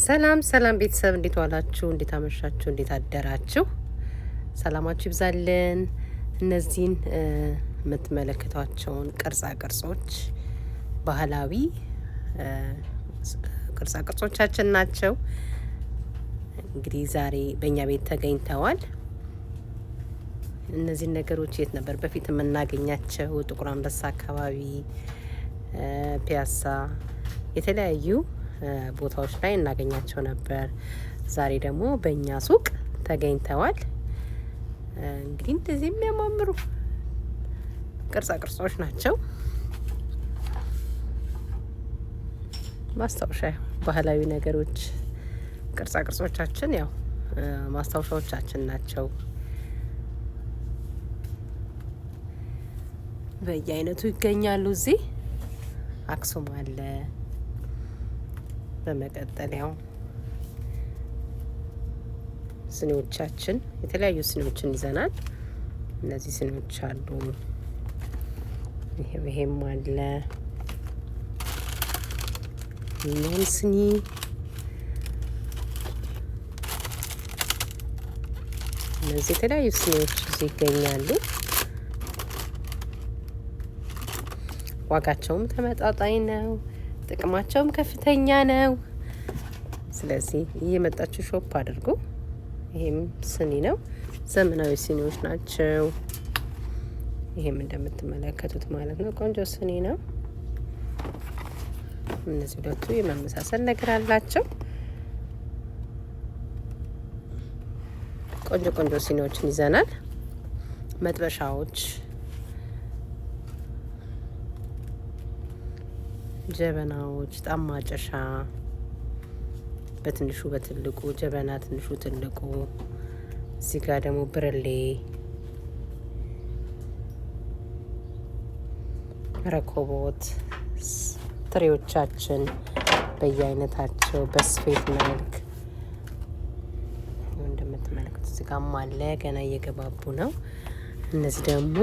ሰላም ሰላም ቤተሰብ እንዴት ዋላችሁ? እንዴት አመሻችሁ? እንዴት አደራችሁ? ሰላማችሁ ይብዛልን። እነዚህን የምትመለከቷቸውን ቅርጻ ቅርጾች ባህላዊ ቅርጻ ቅርጾቻችን ናቸው። እንግዲህ ዛሬ በእኛ ቤት ተገኝተዋል። እነዚህን ነገሮች የት ነበር በፊት የምናገኛቸው? ጥቁር አንበሳ አካባቢ፣ ፒያሳ የተለያዩ ቦታዎች ላይ እናገኛቸው ነበር። ዛሬ ደግሞ በእኛ ሱቅ ተገኝተዋል። እንግዲህ እንደዚህ የሚያማምሩ ቅርጻ ቅርጾች ናቸው። ማስታወሻ ባህላዊ ነገሮች ቅርጻ ቅርጾቻችን ያው ማስታወሻዎቻችን ናቸው። በየአይነቱ ይገኛሉ። እዚህ አክሱም አለ። በመቀጠል ያው ስኒዎቻችን የተለያዩ ስኒዎችን ይዘናል። እነዚህ ስኒዎች አሉ። ይሄም አለ እኛም ስኒ እነዚህ የተለያዩ ስኒዎች እዚህ ይገኛሉ። ዋጋቸውም ተመጣጣኝ ነው። ጥቅማቸውም ከፍተኛ ነው። ስለዚህ እየመጣችሁ ሾፕ አድርጉ። ይሄም ስኒ ነው። ዘመናዊ ስኒዎች ናቸው። ይሄም እንደምትመለከቱት ማለት ነው ቆንጆ ስኒ ነው። እነዚህ ሁለቱ የመመሳሰል ነገር አላቸው። ቆንጆ ቆንጆ ሲኒዎችን ይዘናል። መጥበሻዎች ጀበናዎች፣ ጣማ ጨሻ በትንሹ በትልቁ ጀበና፣ ትንሹ ትልቁ። እዚህ ጋር ደግሞ ብርሌ፣ ረኮቦት፣ ትሬዎቻችን በየአይነታቸው በስፌት መልክ እንደምትመለከቱ እዚህ ጋር አለ። ገና እየገባቡ ነው። እነዚህ ደግሞ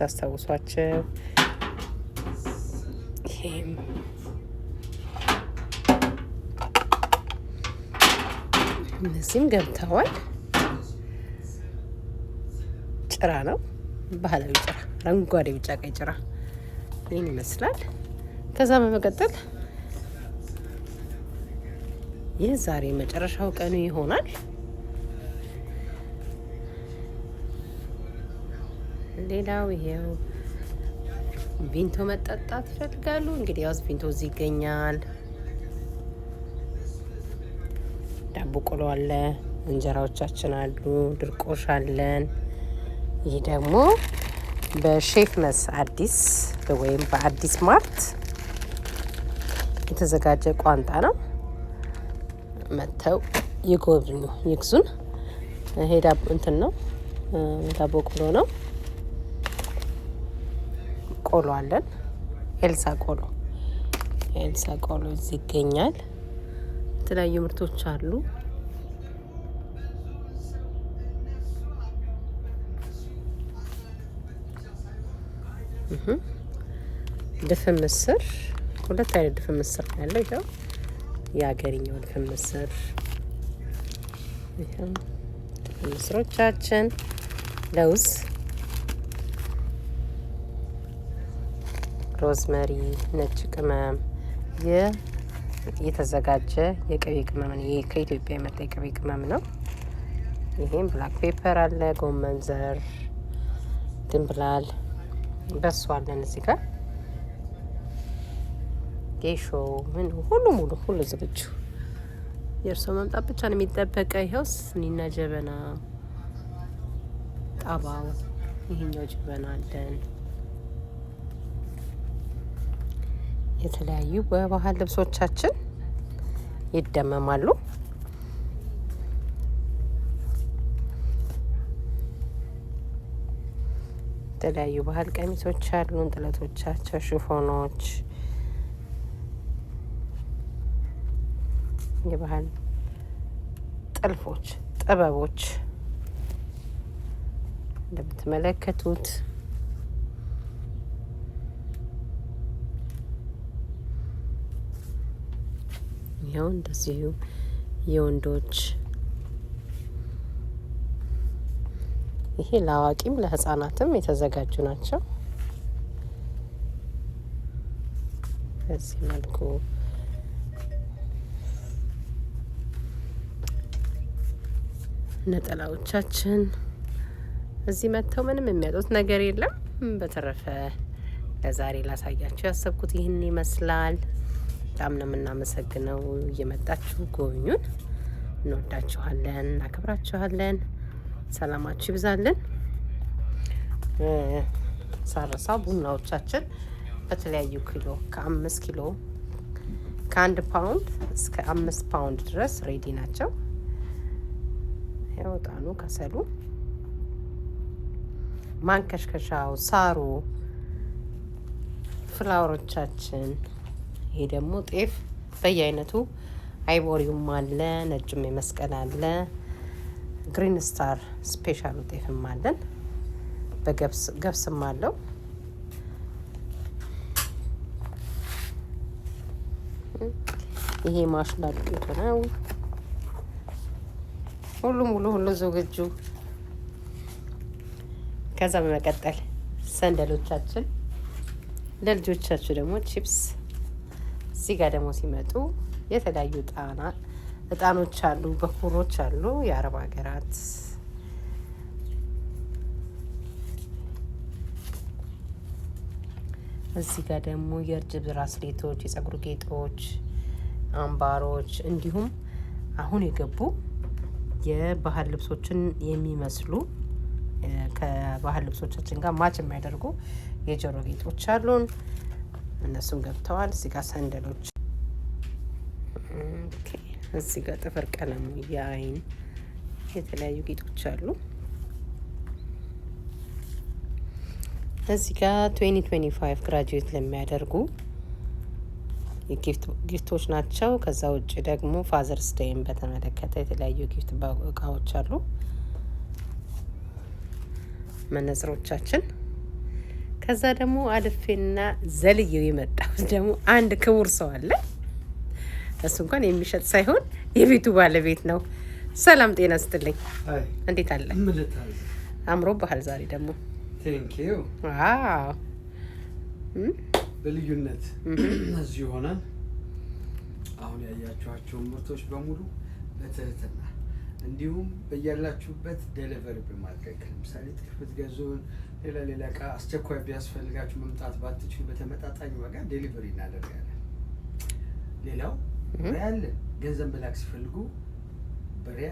ታስታውሷቸው came. እነዚህም ገብተዋል። ጭራ ነው፣ ባህላዊ ጭራ፣ አረንጓዴ፣ ቢጫ፣ ቀይ ጭራ ይህን ይመስላል። ከዛ በመቀጠል ይህ ዛሬ መጨረሻው ቀኑ ይሆናል። ሌላው ይሄው ቪንቶ መጠጣት ይፈልጋሉ። እንግዲህ ያው ቪንቶ እዚህ ይገኛል። ዳቦ ቆሎ አለ፣ እንጀራዎቻችን አሉ፣ ድርቆሽ አለን። ይህ ደግሞ በሼፍነስ አዲስ ወይም በአዲስ ማርት የተዘጋጀ ቋንጣ ነው። መጥተው ይጎብኙ፣ ይግዙን። ይሄ ዳቦ እንትን ነው፣ ዳቦ ቆሎ ነው። ቆሎ አለን። ኤልሳ ቆሎ ኤልሳ ቆሎ እዚህ ይገኛል። የተለያዩ ምርቶች አሉ። ድፍን ምስር ሁለት አይነት ድፍን ምስር ነው ያለው። ይኸው የሀገርኛው ድፍን ምስር ድፍን ምስሮቻችን ለውዝ ሮዝመሪ፣ ነጭ ቅመም፣ የተዘጋጀ የቅቤ ቅመም ነው። ይህ ከኢትዮጵያ የመጣ የቅቤ ቅመም ነው። ይሄም ብላክ ፔፐር አለ፣ ጎመን ዘር፣ ድንብላል በሱ አለን እዚህ ጋር ጌሾ ምን ሁሉ ሙሉ ሁሉ ዝግጁ። የእርሶ መምጣት ብቻ ነው የሚጠበቀ። ይኸው ስኒና ጀበና ጣባው ይሄኛው ጀበና አለን። የተለያዩ በባህል ልብሶቻችን ይደመማሉ። የተለያዩ ባህል ቀሚሶች አሉን፣ ጥለቶቻቸው፣ ሽፎኖች፣ የባህል ጥልፎች፣ ጥበቦች እንደምትመለከቱት ይኸው እንደዚሁ የወንዶች ይሄ ለአዋቂም ለህፃናትም የተዘጋጁ ናቸው። በዚህ መልኩ ነጠላዎቻችን እዚህ መጥተው ምንም የሚያጡት ነገር የለም። በተረፈ ለዛሬ ላሳያችሁ ያሰብኩት ይህን ይመስላል። በጣም ነው የምናመሰግነው። እየመጣችሁ ጎብኙን። እንወዳችኋለን፣ እናከብራችኋለን። ሰላማችሁ ይብዛልን። ሳረሳ ቡናዎቻችን በተለያዩ ኪሎ ከአምስት ኪሎ ከአንድ ፓውንድ እስከ አምስት ፓውንድ ድረስ ሬዲ ናቸው። ያወጣኑ ከሰሉ፣ ማንከሽከሻው፣ ሳሩ፣ ፍላወሮቻችን ይሄ ደግሞ ጤፍ በየአይነቱ አይቦሪውም አለ፣ ነጩም የመስቀል አለ፣ ግሪን ስታር ስፔሻሉ ጤፍም አለን፣ በገብስም አለው። ይሄ ማሽላ ዱቄቱ ነው። ሁሉ ሙሉ ሁሉ ዝግጁ። ከዛ በመቀጠል ሰንደሎቻችን ለልጆቻችሁ ደግሞ ቺፕስ እዚህ ጋር ደግሞ ሲመጡ የተለያዩ ጣና እጣኖች አሉ፣ በኩሮች አሉ። የአረብ ሀገራት እዚህ ጋር ደግሞ የእርጅ ብራስሌቶች፣ የጸጉር ጌጦች፣ አምባሮች እንዲሁም አሁን የገቡ የባህል ልብሶችን የሚመስሉ ከባህል ልብሶቻችን ጋር ማች የሚያደርጉ የጆሮ ጌጦች አሉን። እነሱም ገብተዋል። እዚህ ጋር ሰንደሎች፣ እዚህ ጋር ጥፍር ቀለሙ፣ የአይን የተለያዩ ጌጦች አሉ። እዚህ ጋር ትዌንቲ ትዌንቲ ፋይቭ ግራጁዌት ለሚያደርጉ ጊፍቶች ናቸው። ከዛ ውጭ ደግሞ ፋዘርስ ዴይን በተመለከተ የተለያዩ ጊፍት እቃዎች አሉ። መነጽሮቻችን ከዛ ደግሞ አልፌና ዘልየው የመጣሁት ደግሞ አንድ ክቡር ሰው አለ። እሱ እንኳን የሚሸጥ ሳይሆን የቤቱ ባለቤት ነው። ሰላም ጤና ስትልኝ እንዴት አለ? አምሮ ባህል ዛሬ ደግሞ በልዩነት እዚህ ሆናል። አሁን ያያችኋቸውን ምርቶች በሙሉ በትህትና እንዲሁም በያላችሁበት ደሊቨሪ በማድረግ ለምሳሌ ጤፍ ብትገዙን ሌላ ሌላ እቃ አስቸኳይ ቢያስፈልጋችሁ መምጣት ባትችሉ በተመጣጣኝ ዋጋ ዴሊቨሪ እናደርጋለን። ሌላው ሪያ ገንዘብ መላክ ሲፈልጉ በሪያ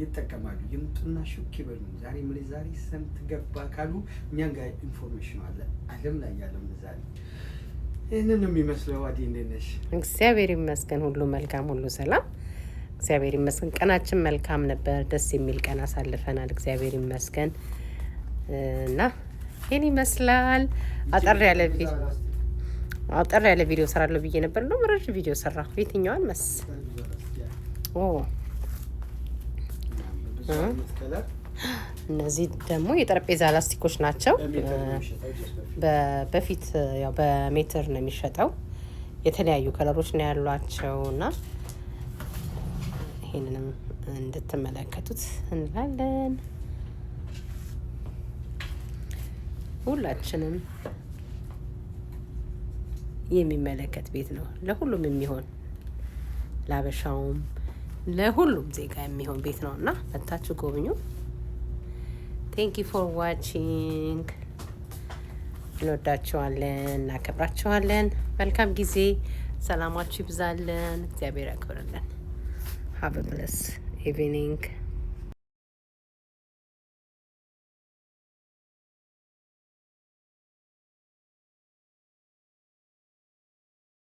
ይጠቀማሉ። ይምጡና ሹክ ይበሉ። ዛሬ ምንዛሬ ስንት ገባ ካሉ እኛን ጋር ኢንፎርሜሽን አለ። ዓለም ላይ ያለው ምንዛሬ ይህንን የሚመስለው አዲ፣ እንዴት ነሽ? እግዚአብሔር ይመስገን፣ ሁሉ መልካም፣ ሁሉ ሰላም እግዚአብሔር ይመስገን። ቀናችን መልካም ነበር። ደስ የሚል ቀን አሳልፈናል። እግዚአብሔር ይመስገን እና ይህን ይመስላል። አጠር ያለ አጠር ያለ ቪዲዮ ሰራለሁ ብዬ ነበር ነው ምረድ ቪዲዮ ሰራ የትኛዋን መስ እነዚህ ደግሞ የጠረጴዛ ላስቲኮች ናቸው። በፊት ያው በሜትር ነው የሚሸጠው። የተለያዩ ከለሮች ነው ያሏቸው እና ይሄንንም እንድትመለከቱት እንላለን። ሁላችንም የሚመለከት ቤት ነው። ለሁሉም የሚሆን ለአበሻውም ለሁሉም ዜጋ የሚሆን ቤት ነው እና መታችሁ ጎብኙ። ቴንክ ዩ ፎር ዋቺንግ። እንወዳችኋለን፣ እናከብራችኋለን። መልካም ጊዜ። ሰላማችሁ ይብዛለን። እግዚአብሔር ያክብርልን። have a blessed evening